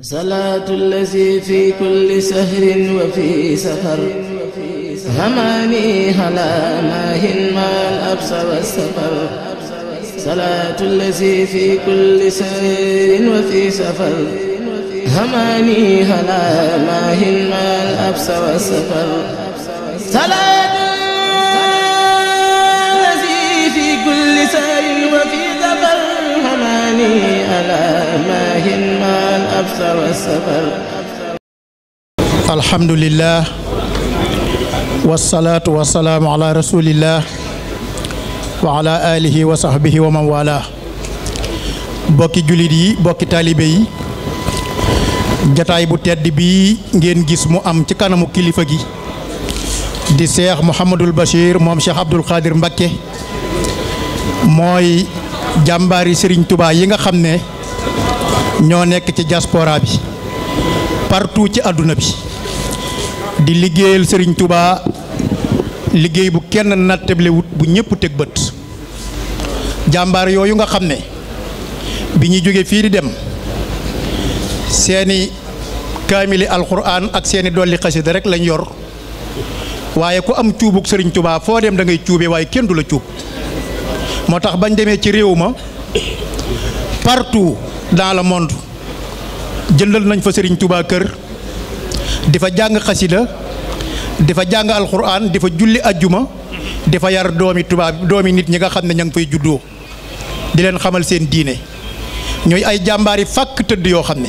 salaatu lazi fi kulli sahrin wa fi safar hamaani ala maahin maal absa wa safar salaatu lazi fi kulli sahrin wa fi safar hamaani ala maahin maal absa wa safar salaatu lazi fi kulli sahrin wa fi safar hamaani ala maahin maal الأبصر والسفر الحمد لله والصلاة والسلام على bokki jullit yi bokki taalibe yi jataay bu tedd bi ngeen gis mu am ci kanamu kilifa gi di seex Mouhamadul Bachir moom Cheikh Abdoul Khadir Mbacké mooy jàmbaari Serigne Touba yi nga xam ne ñoo nekk ci diaspora bi partout ci àdduna bi di liggéeyal sëriñ tubaa liggéey bu kenn nattablewut bu ñëpp teg bët jàmbaar yooyu nga xam ne bi ñuy jóge fii di dem seeni kaamili alxuraan ak seeni dolli xasida rek lañ yor waaye ku am cuubuk sëriñ tubaa foo dem dangay ngay cuube waaye kenn du la cuub moo tax bañ demee ci réew ma partout dans le mont jëndal nañ fa Serigne Touba kër di fa jàng xasida di fa jàng alxuraan di fa julli ajjuma di fa yar doomi tubaab doomi nit ñi nga xam ne ña ngi fay juddoo di leen xamal seen diine ñooy ay jàmbaari fàkk tëdd yoo xam ne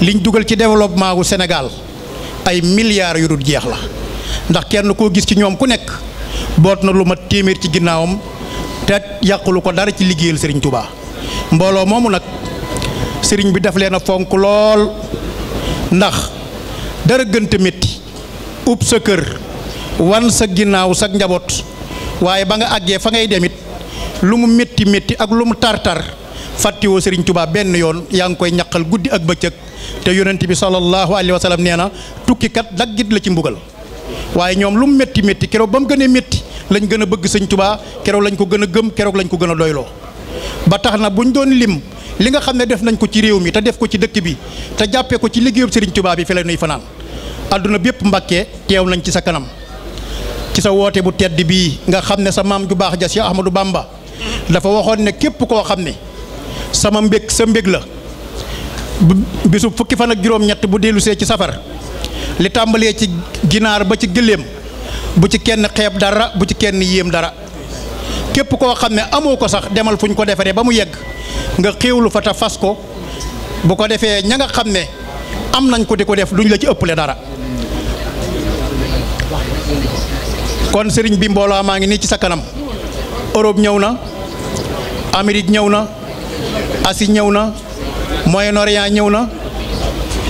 liñ dugal ci développement wu Sénégal ay milliards yu dul jeex la ndax kenn koo gis ci ñoom ku nekk boot na lu mat téeméer ci ginnaawam te yàqulu ko dara ci liggéeyal Serigne Touba mbooloo moomu nag. sëriñ bi daf leen a fonk lool ndax dara gënta métti ub sa kër wan sa ginnaaw sa njaboot waaye ba nga àggee fa ngay demit lu mu metti métti ak lu mu tar-tar fàttiwoo sëriñ Tuubaa benn yoon yaa ngi koy ñaqal guddi ak bëccëg te yonent bi sallallahu alayhi wa sallam nee na tukkikat daggit la ci mbugal waaye ñoom lu mu metti métti keroog ba mu gën a métti lañ gën a bëgg sëñ tubaa keroog lañ ko gën a gëm keroog lañ ko gën a doyloo ba tax na buñ doon lim li nga xam ne def nañ ko ci réew mi te def ko ci dëkk bi te jàppee ko ci liggéeyub Serigne tubaab yi fi la nuy fanaan àdduna bépp mbakke teew nañ ci sa kanam ci sa woote bu tedd bii nga xam ne sa maam ju baax ja Cheikh Ahmadou bàmba dafa waxoon ne képp koo xam ne sama mbég sa mbég la bisu fukki fan ak juróom-ñett bu dellusee ci safar li tàmbalee ci ginaar ba ci gëléem bu ci kenn xeeb dara bu ci kenn yéem dara képp koo xam ne amoo ko sax demal fu ñu ko defaree ba mu yegg nga xéewlu fa te fas ko bu ko defee ña nga xam ne am nañ ko di ko def duñ la ci ëppale dara kon sëriñ bi mbooloo maa ngi nii ci sa kanam Europe ñëw na Amérique ñëw na Asie ñëw na Moyen-Orient ñëw na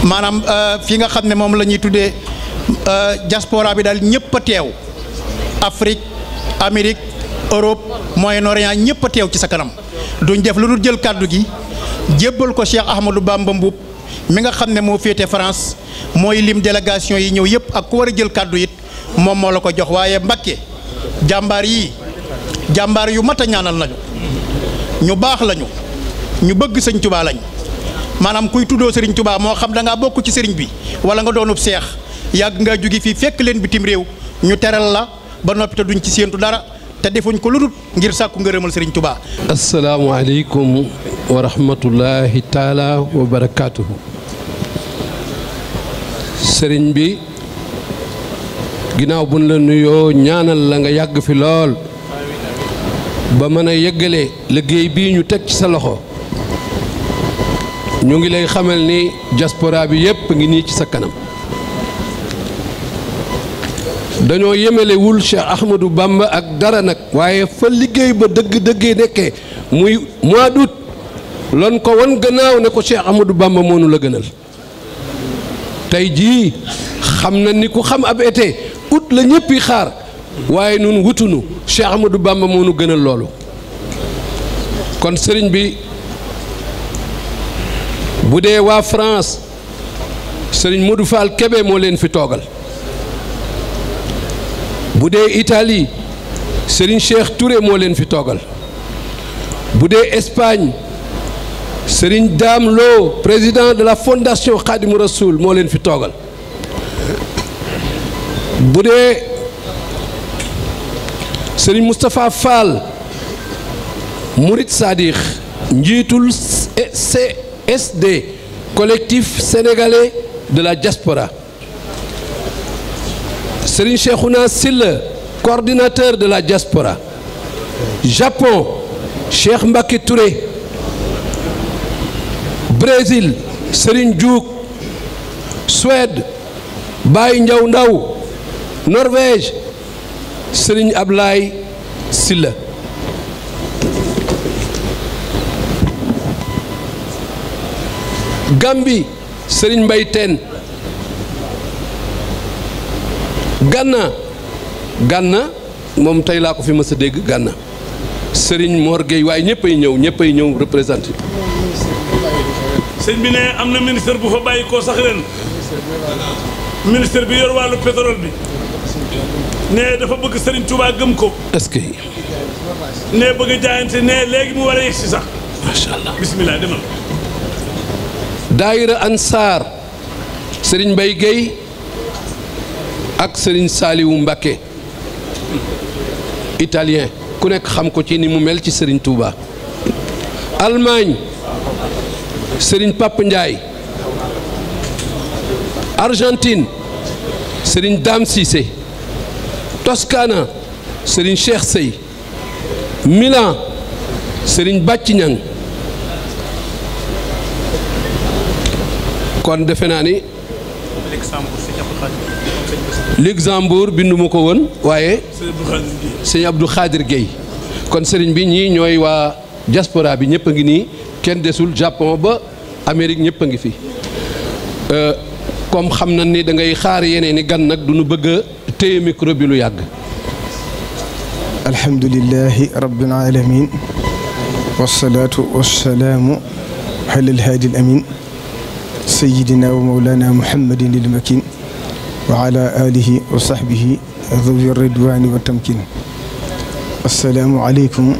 maanaam euh, fi nga xam ne moom la ñuy tuddee euh, diaspora bi daal ñëpp a teew Afrique Amérique Europe Moyen-Orient ñëpp a teew ci sa kanam. duñ def lu dul jël kàddu gi jébbal ko Cheikh Ahmadou Bamba Mboup mi nga xam ne moo féete France mooy lim délégation yi ñëw yëpp ak ku war a jël kàddu it moom moo la ko jox waaye Mbàkke jàmbaar yi jàmbaar yu mat a ñaanal lañu ñu baax lañu ñu bëgg sëñ Tubaa lañ maanaam kuy tuddoo sëriñ Tubaa moo xam da bokk ci sëriñ bi wala nga doonub seex yàgg nga jóge fii fekk leen bitim réew ñu teral la ba noppite te duñ ci séentu dara. te defuñ ko lu ngir sàkku ngërëmal sëriñ Touba. asalaamualeykum wa rahmatullahi taala wa barakaatuhu. sëriñ bi ginnaaw buñ la nuyoo ñaanal la nga yàgg fi lool ba mën a yëggale liggéey bi ñu teg ci sa loxo ñu ngi lay xamal ni diaspora bi yépp ngi nii ci sa kanam. dañoo yemelewul Cheikh Ahmadou Bamba ak dara nag waaye fa liggéey ba dëgg-dëggee nekkee muy mois d'août lan ko won gannaaw ne ko Cheikh Ahmadou Bamba moonu la gënal tey jii xam na ni ku xam ab été août la ñëppi xaar waaye nun wutunu Cheikh Ahmadou Bamba moonu gënal loolu kon sëriñ bi bu dee waa France sëriñ Modou Fall Kébé moo leen fi toogal bu dee Italie Serigne Cheikh Touré moo leen fi toogal bu dee Espagne Serigne Dame Lo président de la fondation Khadimou Rassoul moo leen fi toogal bu dee Serigne Moustapha Fall Mouride Sadikh njiitul CSD collectif sénégalais de la diaspora Serigne Cheikhouna Silla coordinateur de la diaspora Japon Cheikh Mbacké Touré Brésil Serigne Diouk Suède Baye Ndiaw Ndaw Norvège Serigne Ablaye Silla Gambie Serigne Mbaye Tène gànna gànna moom tey laa ko fi mës dégg gànna Serigne Mor géy waaye ñëpp ay ñëw ñëpp ay ñëw représenté. sëñ bi ne am na ministre bu fa bàyyi koo sax ren ministre bi yor wàllu bi ne dafa bëgg Serigne Touba gëm ko. est-ce que. ne bëgg a jaayante ne léegi mu war a yegsi sax. macha allah bisimilah demal. Daayira Ansaar Serigne Mbaye Gueye. ak sëriñ saaliwu Mbacké italien ku nekk xam ko ci ni mu mel ci Serigne Touba Allemagne sëriñ Pape njaay Argentine sëriñ Dame toskaana sëriñ Serigne sëy Sey Milan Serigne Bathie Niang kon defe naa ni Luxembourg bindu ma ko woon waaye sëñ Abdou Khadir Gueye kon sëriñ bi ñii ñooy waa jasporaa bi ñëpp a ngi nii kenn desul jàppon ba amerig ñëpp a ngi fi euh, comme xam na ni dangay xaar yeneen gan nag du ñu bëgg a téye bi lu yàgg alhamdulilahi rabbil alamin wasalaatu wasalaamu ala alhaadi alamin sayidina wa mawlana muhammadin il makin wa ala alihi wa sahbihi zawi ridwani wa tamkin assalaamu aleykum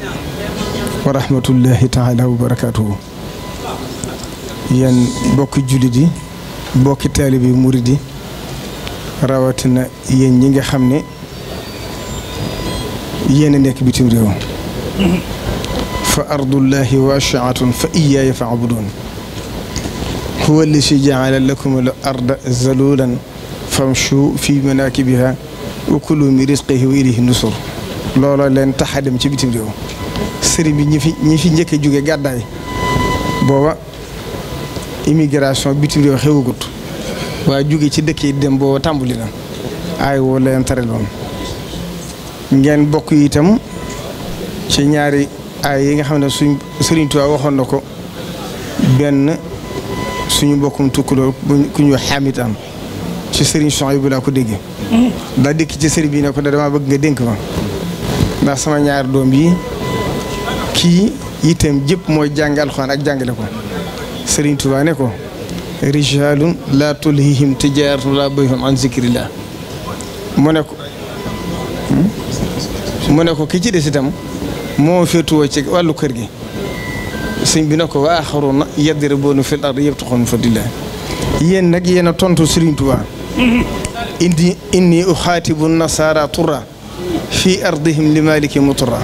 wa rahmatullahi taala wa barakatuhu yéen bokki jullit yi bokki taalibe yi murid yi rawatina yéen ñi nga xam ne yéen a nekk bitim réew fa ardullahi waasiatun fa iyaaya fa abudun huwa allazi ja'ala lakum al arda zalulan famshu fi manakibiha wa kulu min rizqihi wa ilayhi nusur looloo leen tax a dem ci bitim réew sëriñ bi ñi fi fi njëkk a jóge gàddaay booba immigration bitim réew xewagut waaye jóge ci dëkk yi dem booba tàmbuli na aay woo leen tere loon ngeen bokk itam ci ñaari aay yi nga xam ne suñ Sëriñ Tuubaa waxoon na ko benn suñu mbokkum tukkuloo ku ñuy wax xamit am ci sëriñ Chouaib bu laa ko déggee. Mm-hmm. daa dikk ci sëriñ bi ne ko dama bëgg nga dénk ma ndax sama ñaar doom yi kii itam jëpp mooy jàng alxuraan ak jàngale ko sëriñ Tuubaa ne ko rijalun la tulhihim tijaratun la bayhun an zikrillah mu ne ko hmm? mu ne ko ci des moo féetuwoo ci wàllu kër gi sëñ bi ne ko wa axaruuna yadribuuna fil ardi yabtaxuuna fadila yéen nag yéen a tontu Sëriñ Tuubaa indi inni uxaatibu nasaara turra fii ardihim li maliki muturra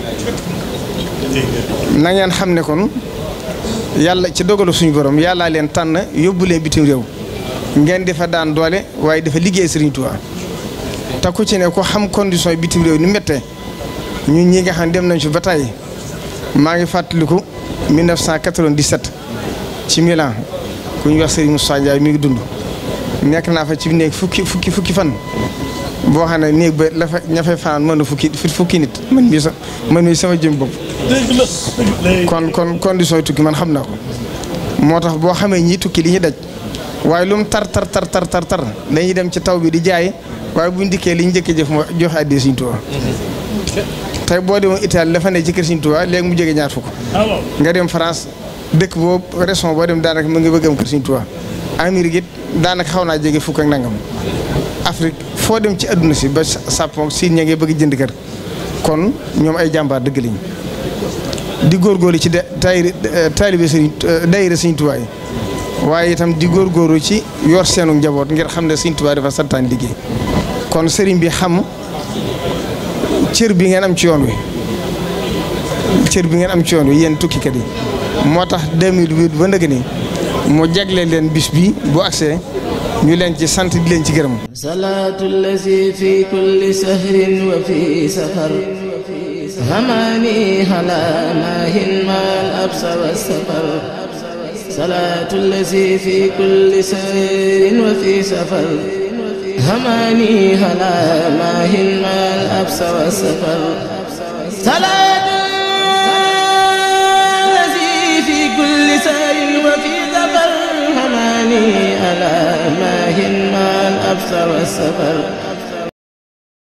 na ngeen xam ne kon yàlla ci dogalu suñu borom yàllaa leen tànn yóbbu leen bitim réew ngeen defa daan doole waaye dafa liggéey Sëriñ Tuubaa te ku ci ne ko xam condition bitim réew ni méttee ñun ñi nga xam dem nañ ci bataay maa ngi fàttaliku 1997 ci Milan ku ñuy wax Serigne Moussa Ndiaye mi ngi dund nekk naa fa ci néeg fukki fukki fukki fan boo xam ne néeg ba la fa ña fay fanaan mën na fukki fukki nit man mii sax man mii sama jëm bopp. kon kon condition yi tukki man xam naa ko moo tax boo xamee ñii tukki li ñu daj waaye lu mu tar tar tar tar tar tar dem ci taw bi di jaay waaye bu dikkee li ñu njëkk jëf mooy joxe addi Serigne Touba tey boo demoon Italie dafa ne ci kër Sëriñ Tuubaa léegi mu jege ñaar fukk ah nga dem France dëkk boobu région boo dem daanaka mu ngi bëgg am kër Sëriñ Tuubaa Amérique it daanaka xaw naa jege fukk ak nangam Afrique foo dem ci adduna si ba sàppoog si ña ngi bëgg jënd kër kon ñoom ay jàmbaar dëgg lañ di góorgóorlu ci taay taalibe Sëriñ euh, daayira Sëriñ Tuubaa yi waaye itam di góor góor góorgóorlu ci yor seenu njaboot ngir xam ne Sëriñ Tuubaa dafa santaan liggéey kon sëriñ cër bi ngeen am ci yoon wi cër bi ngeen am ci yoon wi yéen tukkikat yi moo tax 2008 ba ndëgg ni mu leen bis bi bu agsee ñu leen ci sant di leen ci gërëm salaatu lazi fi kulli sahrin wa fi safar hamaani ala maahin maal absa wa safar salaatu هماني هلا ماهل ما الأبس والسفر صلاة الذي في كل سير وفي زفر هماني ألا ماهل ما الأبس والسفر